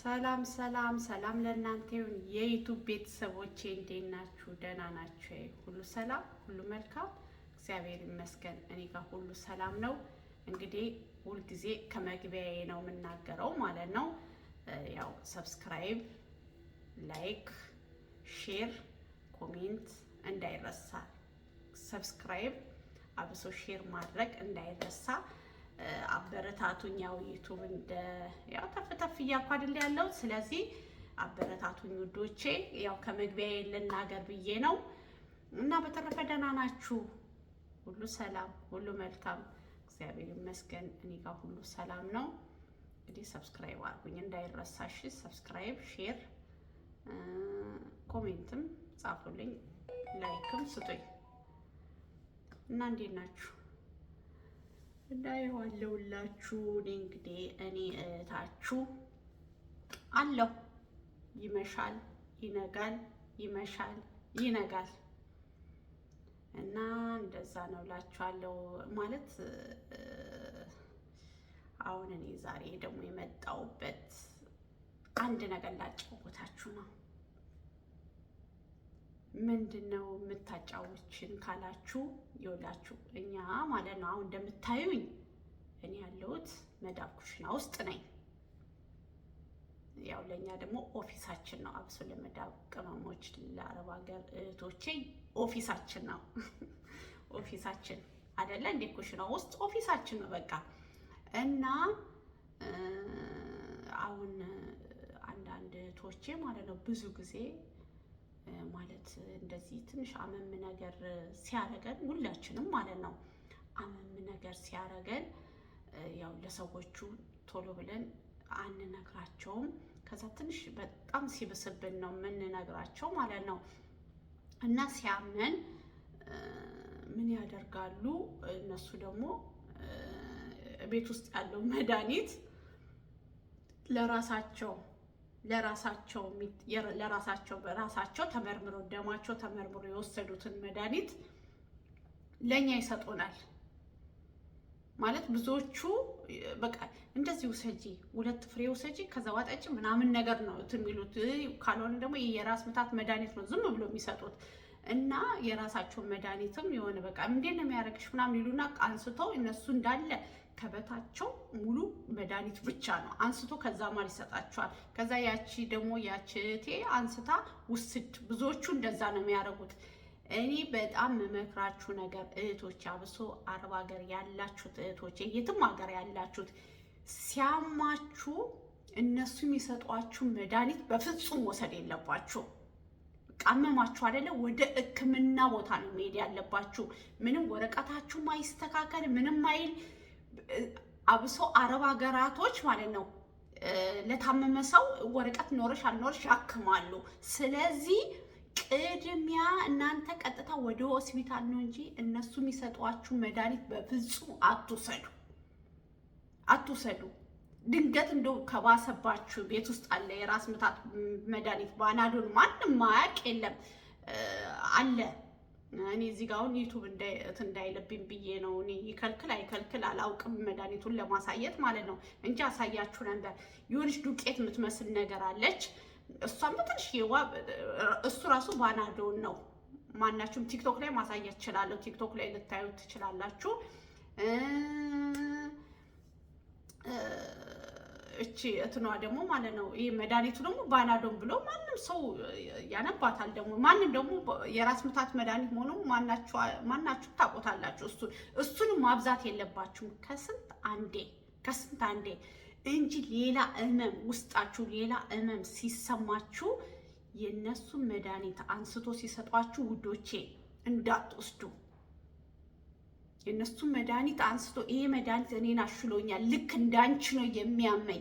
ሰላም ሰላም ሰላም ለእናንተ ይሁን የዩቱብ ቤተሰቦቼ፣ እንዴት ናችሁ? ደህና ናችሁ? ሁሉ ሰላም፣ ሁሉ መልካም፣ እግዚአብሔር ይመስገን። እኔ ጋር ሁሉ ሰላም ነው። እንግዲህ ሁልጊዜ ከመግቢያዬ ነው የምናገረው ማለት ነው። ያው ሰብስክራይብ፣ ላይክ፣ ሼር፣ ኮሜንት እንዳይረሳ። ሰብስክራይብ አብሶ ሼር ማድረግ እንዳይረሳ አበረታቱኝ። ያው ዩቱብ እንደ ያው ተፍ ተፍ እያልኩ አይደል ያለው። ስለዚህ አበረታቱኝ ውዶቼ። ያው ከመግቢያ ልናገር ብዬ ነው እና በተረፈ ደህና ናችሁ? ሁሉ ሰላም፣ ሁሉ መልካም፣ እግዚአብሔር ይመስገን። እኔ ጋር ሁሉ ሰላም ነው። እንግዲህ ሰብስክራይብ አድርጉኝ እንዳይረሳሽ። ሰብስክራይብ፣ ሼር፣ ኮሜንትም ጻፉልኝ፣ ላይክም ስጡኝ እና እንዴት ናችሁ? እንዳይዋለውላችሁ እኔ እንግዲህ እኔ እህታችሁ አለው ይመሻል፣ ይነጋል፣ ይመሻል፣ ይነጋል እና እንደዛ ነው እላችኋለሁ። ማለት አሁን እኔ ዛሬ ደግሞ የመጣሁበት አንድ ነገር ላጫወታችሁ ነው። ምንድን ነው የምታጫውችን ካላችሁ ይወላችሁ እኛ ማለት ነው። አሁን እንደምታዩኝ እኔ ያለሁት መዳብ ኩሽና ውስጥ ነኝ። ያው ለእኛ ደግሞ ኦፊሳችን ነው። አብሶ ለመዳብ ቅመሞች፣ ለአረብ ሀገር እህቶቼ ኦፊሳችን ነው። ኦፊሳችን አይደለ እንዴ? ኩሽና ውስጥ ኦፊሳችን ነው በቃ እና አሁን አንዳንድ እህቶቼ ማለት ነው ብዙ ጊዜ ማለት እንደዚህ ትንሽ አመም ነገር ሲያረገን ሁላችንም ማለት ነው አመም ነገር ሲያረገን ያው ለሰዎቹ ቶሎ ብለን አንነግራቸውም። ከዛ ትንሽ በጣም ሲብስብን ነው የምንነግራቸው ማለት ነው። እና ሲያመን ምን ያደርጋሉ እነሱ ደግሞ ቤት ውስጥ ያለው መድኃኒት ለራሳቸው ለራሳቸው ለራሳቸው በራሳቸው ተመርምሮ ደማቸው ተመርምሮ የወሰዱትን መድኃኒት ለእኛ ይሰጡናል። ማለት ብዙዎቹ በቃ እንደዚህ ውሰጂ፣ ሁለት ፍሬ ውሰጂ፣ ከዛ ዋጠጭ ምናምን ነገር ነው የሚሉት። ካልሆነ ደግሞ ይህ የራስ ምታት መድኃኒት ነው ዝም ብሎ የሚሰጡት እና የራሳቸውን መድኃኒትም የሆነ በቃ እንዴት ነው የሚያደርግሽ ምናምን ይሉና አንስቶ እነሱ እንዳለ ከበታቸው ሙሉ መድኃኒት ብቻ ነው። አንስቶ ከዛ ማር ይሰጣቸዋል። ከዛ ያቺ ደግሞ ያቺ እቴ አንስታ ውስድ። ብዙዎቹ እንደዛ ነው የሚያደርጉት። እኔ በጣም መመክራችሁ ነገር እህቶች፣ አብሶ አረብ ሀገር ያላችሁት እህቶች፣ የትም ሀገር ያላችሁት ሲያማችሁ እነሱ የሚሰጧችሁ መድኃኒት በፍጹም ወሰድ የለባችሁ። ቃመማችሁ አይደለ? ወደ ሕክምና ቦታ ነው መሄድ ያለባችሁ። ምንም ወረቀታችሁ ማይስተካከል ምንም አይል አብሶ አረብ ሀገራቶች ማለት ነው ለታመመ ሰው ወረቀት ኖረሽ አልኖረሽ ያክማሉ። ስለዚህ ቅድሚያ እናንተ ቀጥታ ወደ ሆስፒታል ነው እንጂ እነሱ የሚሰጧችሁ መድኃኒት በፍጹም አትውሰዱ፣ አትውሰዱ። ድንገት እንደው ከባሰባችሁ ቤት ውስጥ አለ የራስ ምታት መድኃኒት ባናዶን ማንም ማያቅ የለም አለ እኔ እዚህ ጋር አሁን ዩቱብ እንዳይለብኝ ብዬ ነው። እኔ ይከልክል አይከልክል አላውቅም፣ መድኃኒቱን ለማሳየት ማለት ነው እንጂ አሳያችሁ ነበር። የሆነች ዱቄት የምትመስል ነገር አለች። እሷም በትንሽ እሱ ራሱ ባናዶን ነው። ማናችሁም ቲክቶክ ላይ ማሳየት ትችላለሁ ቲክቶክ ላይ ልታዩት ትችላላችሁ። እቺ እትኗ ደግሞ ማለት ነው ይህ መድኃኒቱ ደግሞ ባናዶን ብሎ ማንም ሰው ያነባታል። ደግሞ ማንም ደግሞ የራስ ምታት መድኃኒት መሆኑ ማናችሁ ታቆታላችሁ። እሱ እሱንም ማብዛት የለባችሁም ከስንት አንዴ ከስንት አንዴ እንጂ ሌላ እመም ውስጣችሁ ሌላ እመም ሲሰማችሁ የእነሱን መድኃኒት አንስቶ ሲሰጧችሁ ውዶቼ እንዳትወስዱ። የእነሱን መድኃኒት አንስቶ ይሄ መድኃኒት እኔን አሽሎኛል፣ ልክ እንዳንቺ ነው የሚያመኝ።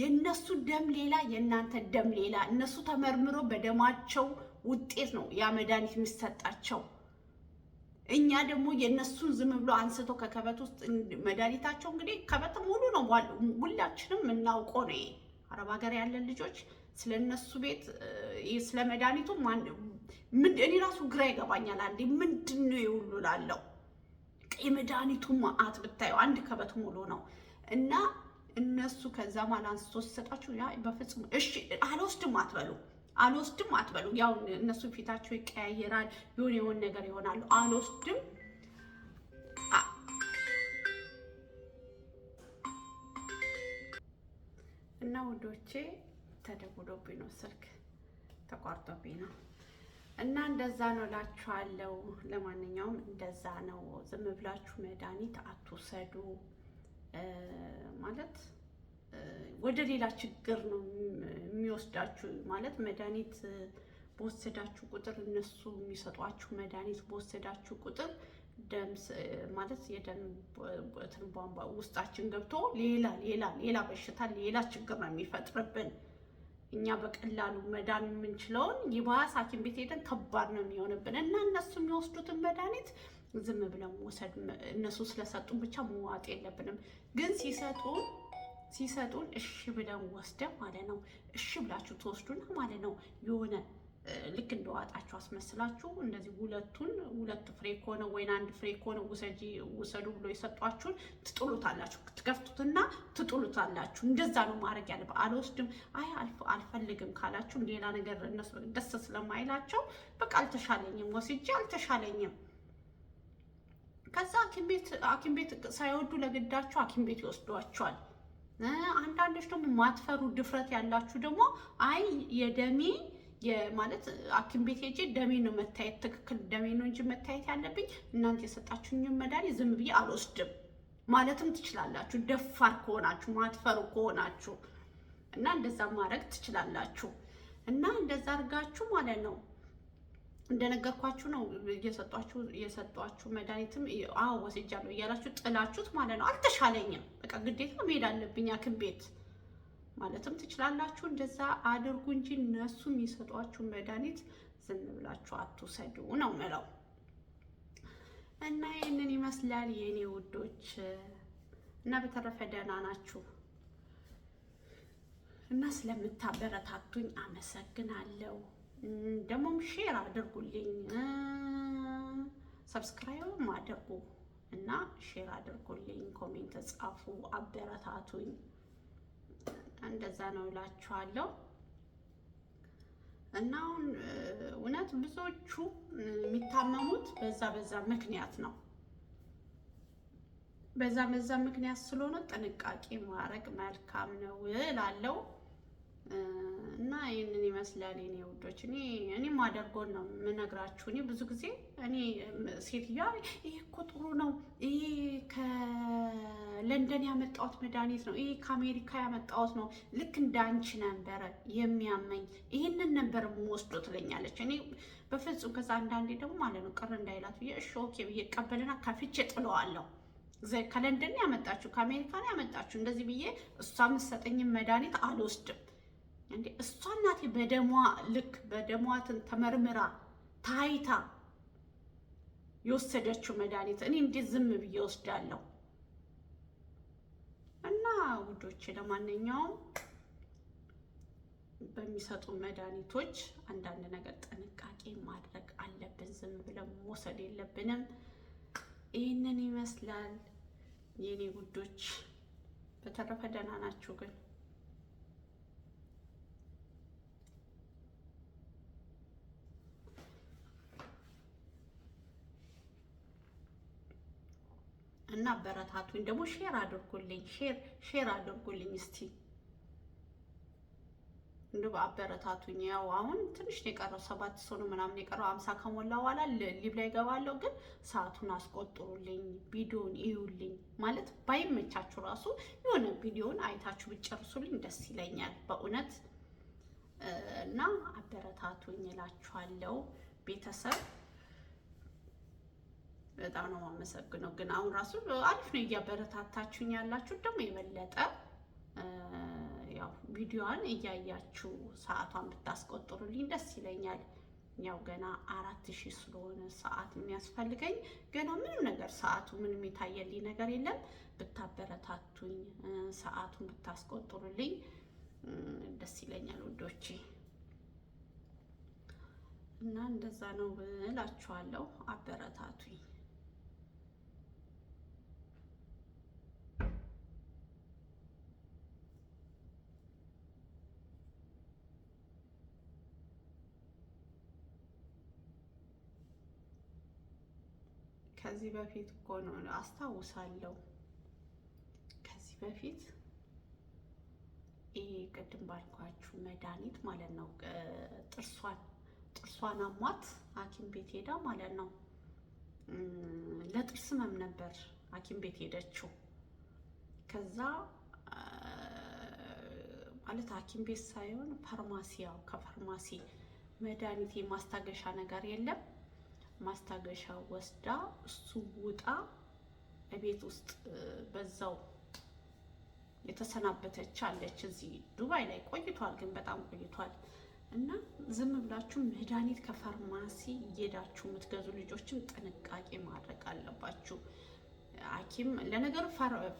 የእነሱ ደም ሌላ፣ የእናንተ ደም ሌላ። እነሱ ተመርምሮ በደማቸው ውጤት ነው ያ መድኃኒት የሚሰጣቸው። እኛ ደግሞ የእነሱን ዝም ብሎ አንስቶ ከከበት ውስጥ መድኃኒታቸው እንግዲህ ከበት ሙሉ ነው፣ ሁላችንም የምናውቀው ነው። አረብ ሀገር ያለን ልጆች ስለ እነሱ ቤት ስለ መድኃኒቱ እኔ ራሱ ግራ ይገባኛል። አንዴ ምንድን ነው ይውሉላለው የመድኃኒቱን መዓት ብታዩ አንድ ከበት ሙሉ ነው እና እነሱ ከዛ ማል አንስቶ ሲሰጣችሁ ያ በፍጹም እሺ አልወስድም አትበሉ፣ አልወስድም አትበሉ። ያው እነሱ ፊታቸው ይቀያየራል፣ የሆነ የሆነ ነገር ይሆናሉ። አልወስድም እና ውዶቼ ተደውሎብኝ ነው ስልክ ተቋርጦብኝ ነው። እና እንደዛ ነው እላችኋለሁ። ለማንኛውም እንደዛ ነው። ዝም ብላችሁ መድኃኒት አትውሰዱ። ማለት ወደ ሌላ ችግር ነው የሚወስዳችሁ። ማለት መድኃኒት በወሰዳችሁ ቁጥር እነሱ የሚሰጧችሁ መድኃኒት በወሰዳችሁ ቁጥር ደምስ ማለት የደም ቧንቧ ውስጣችን ገብቶ ሌላ ሌላ ሌላ በሽታ ሌላ ችግር ነው የሚፈጥርብን። እኛ በቀላሉ መዳን የምንችለውን ይባስ ሐኪም ቤት ሄደን ከባድ ነው የሚሆንብን እና እነሱ የሚወስዱትን መድኃኒት ዝም ብለን መውሰድ እነሱ ስለሰጡን ብቻ መዋጥ የለብንም። ግን ሲሰጡን ሲሰጡን እሺ ብለን ወስደ ማለት ነው። እሺ ብላችሁ ትወስዱና ማለት ነው የሆነ ልክ እንደዋጣችሁ አስመስላችሁ እንደዚህ ሁለቱን ሁለት ፍሬ ከሆነ ወይን አንድ ፍሬ ከሆነ ውሰጂ ውሰዱ ብሎ የሰጧችሁን ትጥሉታላችሁ። ትከፍቱትና ትጥሉታላችሁ። እንደዛ ነው ማድረግ ያለ አልወስድም፣ አይ አልፈልግም ካላችሁ ሌላ ነገር እነሱ ደስ ስለማይላቸው በቃ አልተሻለኝም፣ ወስጄ አልተሻለኝም። ከዛ አኪም ቤት ሐኪም ቤት ሳይወዱ ለግዳችሁ ሐኪም ቤት ይወስዷቸዋል። አንዳንዶች ደግሞ ማትፈሩ ድፍረት ያላችሁ ደግሞ አይ የደሜ ማለት ሐኪም ቤት ሄጄ ደሜ ነው መታየት ትክክል ደሜ ነው እንጂ መታየት ያለብኝ እናንተ የሰጣችሁኝን መድኃኒት ዝም ብዬ አልወስድም ማለትም ትችላላችሁ፣ ደፋር ከሆናችሁ ማትፈሩ ከሆናችሁ እና እንደዛ ማድረግ ትችላላችሁ። እና እንደዛ አድርጋችሁ ማለት ነው እንደነገርኳችሁ ነው እየሰጧችሁ እየሰጧችሁ መድኃኒትም አዎ ወስጃለሁ እያላችሁ ጥላችሁት ማለት ነው። አልተሻለኝም፣ በቃ ግዴታ መሄድ አለብኝ ሐኪም ቤት ማለትም ትችላላችሁ። እንደዛ አድርጉ እንጂ እነሱ የሚሰጧችሁን መድኃኒት ዝም ብላችሁ አትውሰዱ ነው ምለው እና ይህንን ይመስላል የእኔ ውዶች። እና በተረፈ ደህና ናችሁ እና ስለምታበረታቱኝ አመሰግናለሁ። ደግሞም ሼር አድርጉልኝ፣ ሰብስክራይብም አድርጉ እና ሼር አድርጉልኝ፣ ኮሜንት ጻፉ፣ አበረታቱኝ። እንደዛ ነው እላችኋለሁ። እና አሁን እውነት ብዙዎቹ የሚታመሙት በዛ በዛ ምክንያት ነው። በዛ በዛ ምክንያት ስለሆነ ጥንቃቄ ማድረግ መልካም ነው እላለሁ። እና ይህንን ይመስላል የኔ ውዶች። እኔ እኔ ማደርጎን ነው የምነግራችሁ። እኔ ብዙ ጊዜ እኔ ሴትዮዋ ይሄ እኮ ጥሩ ነው፣ ይሄ ከለንደን ያመጣሁት መድኃኒት ነው፣ ይሄ ከአሜሪካ ያመጣሁት ነው፣ ልክ እንደ አንቺ ነበረ የሚያመኝ፣ ይህንን ነበር ወስዶ ትለኛለች። እኔ በፍጹም ከዛ አንዳንዴ ደግሞ ማለት ነው ቅር እንዳይላት ብዬ እሺ ኦኬ ብዬ ቀበልና ከፍቼ ጥለዋለሁ። ከለንደን ያመጣችሁ ከአሜሪካ ያመጣችሁ እንደዚህ ብዬ እሷ የምትሰጠኝን መድኃኒት አልወስድም። እንዴ እሷ እናቴ በደሟ ልክ በደሟትን ተመርምራ ታይታ የወሰደችው መድኃኒት እኔ እንዴት ዝም ብዬ ወስዳለሁ? እና ውዶቼ ለማንኛውም በሚሰጡ መድኃኒቶች አንዳንድ ነገር ጥንቃቄ ማድረግ አለብን። ዝም ብለን መውሰድ የለብንም። ይህንን ይመስላል የኔ ውዶች። በተረፈ ደህና ናችሁ ግን? እና አበረታቱኝ። ደግሞ ሼር አድርጉልኝ፣ ሼር ሼር አድርጉልኝ እስቲ እንደው አበረታቱኝ። ያው አሁን ትንሽ ነው የቀረው፣ ሰባት ሰው ነው ምናምን የቀረው። አምሳ ከሞላ በኋላ ሊብ ላይ ገባለሁ፣ ግን ሰዓቱን አስቆጥሩልኝ፣ ቪዲዮን እዩልኝ። ማለት ባይመቻችሁ ራሱ የሆነ ቪዲዮን አይታችሁ ብጨርሱልኝ ደስ ይለኛል በእውነት እና አበረታቱኝ እላችኋለሁ ቤተሰብ በጣም ነው የማመሰግነው። ግን አሁን ራሱ አሪፍ ነው እያበረታታችሁኝ ያላችሁ ደግሞ የበለጠ ያው ቪዲዮዋን እያያችሁ ሰዓቷን ብታስቆጥሩልኝ ደስ ይለኛል። ያው ገና አራት ሺህ ስለሆነ ሰዓት የሚያስፈልገኝ ገና ምንም ነገር ሰዓቱ ምንም የታየልኝ ነገር የለም። ብታበረታቱኝ ሰዓቱን ብታስቆጥሩልኝ ደስ ይለኛል ውዶቼ። እና እንደዛ ነው እላችኋለሁ። አበረታቱኝ። ከዚህ በፊት እኮ ነው አስታውሳለሁ። ከዚህ በፊት ይሄ ቅድም ባልኳችሁ መድኃኒት ማለት ነው ጥርሷን ጥርሷን አሟት ሐኪም ቤት ሄዳ ማለት ነው ለጥርስ ህመም ነበር ሐኪም ቤት ሄደችው። ከዛ ማለት ሐኪም ቤት ሳይሆን ፋርማሲ ያው ከፋርማሲ መድኃኒት የማስታገሻ ነገር የለም ማስታገሻ ወስዳ እሱ ውጣ ቤት ውስጥ በዛው የተሰናበተች አለች። እዚህ ዱባይ ላይ ቆይቷል፣ ግን በጣም ቆይቷል። እና ዝም ብላችሁ መድኃኒት ከፋርማሲ እየሄዳችሁ የምትገዙ ልጆችም ጥንቃቄ ማድረግ አለባችሁ። ሐኪም ለነገሩ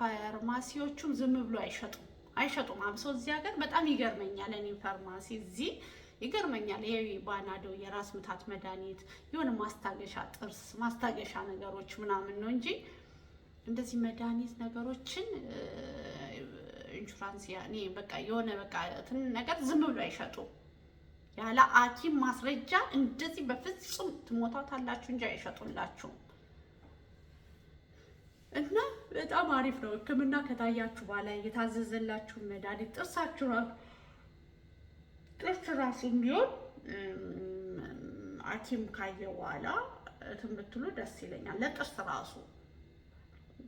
ፋርማሲዎቹም ዝም ብሎ አይሸጡም አይሸጡም። አብሶ እዚህ ሀገር በጣም ይገርመኛል። እኔ ፋርማሲ እዚህ ይገርመኛል። ይሄ ባናዶ የራስ ምታት መድኃኒት የሆነ ማስታገሻ ጥርስ ማስታገሻ ነገሮች ምናምን ነው እንጂ እንደዚህ መድኃኒት ነገሮችን ኢንሹራንስ ያኔ በቃ የሆነ በቃ እንትን ነገር ዝም ብሎ አይሸጡም። ያለ ሐኪም ማስረጃ እንደዚህ በፍጹም ትሞታታላችሁ እንጂ አይሸጡላችሁም። እና በጣም አሪፍ ነው ሕክምና ከታያችሁ በኋላ የታዘዘላችሁ መድኃኒት ጥርሳችሁ ጥርስ ራሱም ቢሆን ሐኪም ካየ በኋላ ትምትሉ ደስ ይለኛል። ለጥርስ ራሱ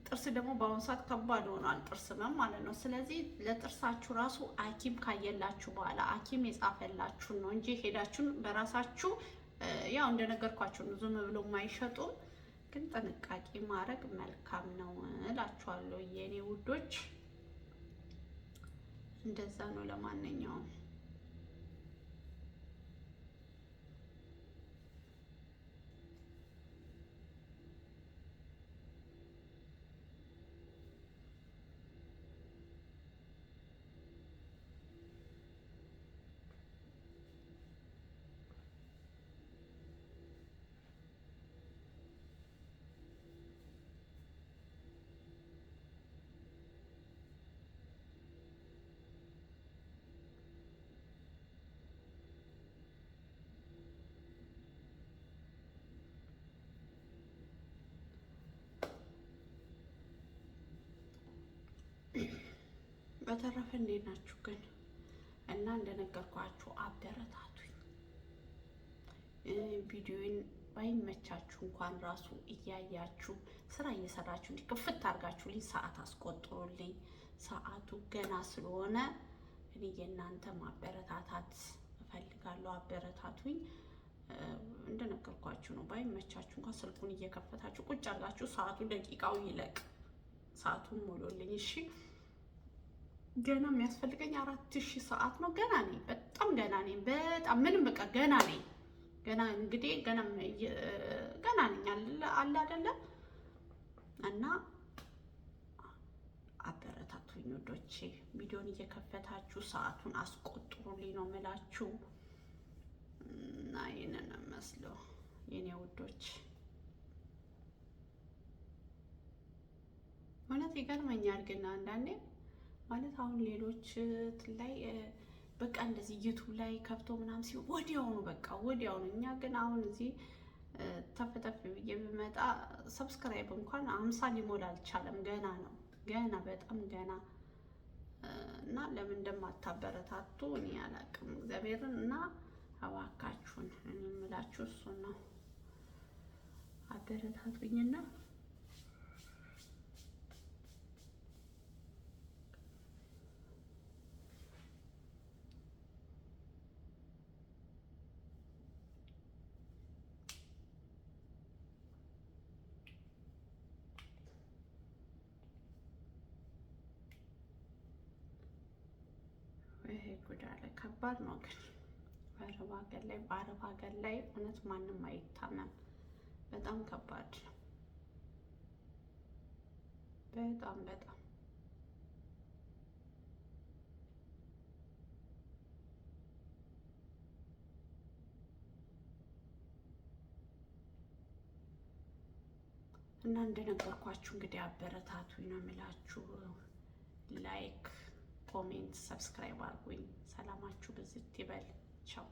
ጥርስ ደግሞ በአሁኑ ሰዓት ከባድ ሆኗል፣ ጥርስ ነው ማለት ነው። ስለዚህ ለጥርሳችሁ ራሱ ሐኪም ካየላችሁ በኋላ ሐኪም የጻፈላችሁን ነው እንጂ ሄዳችሁን በራሳችሁ ያው እንደነገርኳችሁ ነው። ዝም ብሎ አይሸጡም፣ ግን ጥንቃቄ ማድረግ መልካም ነው እላችኋለሁ የእኔ ውዶች። እንደዛ ነው። ለማንኛውም በተረፈ እንዴት ናችሁ ግን? እና እንደነገርኳችሁ አበረታቱኝ። ቪዲዮን ባይመቻችሁ እንኳን ራሱ እያያችሁ ስራ እየሰራችሁ እንዲህ ክፍት አድርጋችሁልኝ ሰዓት አስቆጥሮልኝ ሰዓቱ ገና ስለሆነ እኔ የእናንተ ማበረታታት እፈልጋለሁ። አበረታቱኝ። እንደነገርኳችሁ ነው። ባይመቻችሁ እንኳን ስልኩን እየከፈታችሁ ቁጭ አድርጋችሁ ሰዓቱ ደቂቃው ይለቅ። ሰዓቱን ሞሎልኝ እሺ። ገና የሚያስፈልገኝ አራት ሺህ ሰዓት ነው። ገና ነኝ፣ በጣም ገና ነኝ። በጣም ምንም በቃ ገና ነኝ። ገና እንግዲህ ገና ገና ነኝ አለ አይደለም እና አበረታቱኝ ወዶቼ፣ ቪዲዮን እየከፈታችሁ ሰዓቱን አስቆጥሩልኝ ነው የምላችሁ። እና ይህንን መስሎ የኔ ውዶች እውነት ይገርመኛል ግን አንዳንዴ ማለት አሁን ሌሎች ላይ በቃ እንደዚህ ዩቱብ ላይ ከፍቶ ምናምን ሲሆን ወዲያውኑ በቃ ወዲያውኑ፣ እኛ ግን አሁን እዚህ ተፈተፍ ብዬ ብመጣ ሰብስክራይብ እንኳን አምሳ ሊሞላ አልቻለም። ገና ነው ገና በጣም ገና እና ለምን እንደማታበረታቱ እኔ አላቅም። እግዚአብሔርን እና አባካችሁን እኔ የምላችሁ እሱን ነው። አበረታቱኝና ይጎዳል። ከባድ ነው ግን በአረብ ሀገር ላይ በአረብ ሀገር ላይ እውነት ማንም አይታመም። በጣም ከባድ ነው። በጣም በጣም እና እንደነገርኳችሁ እንግዲህ አበረታቱ ነው የምላችሁ ላይክ ኮሜንት፣ ሰብስክራይብ አርጉኝ። ሰላማችሁ ብዝት ይበል። ቻው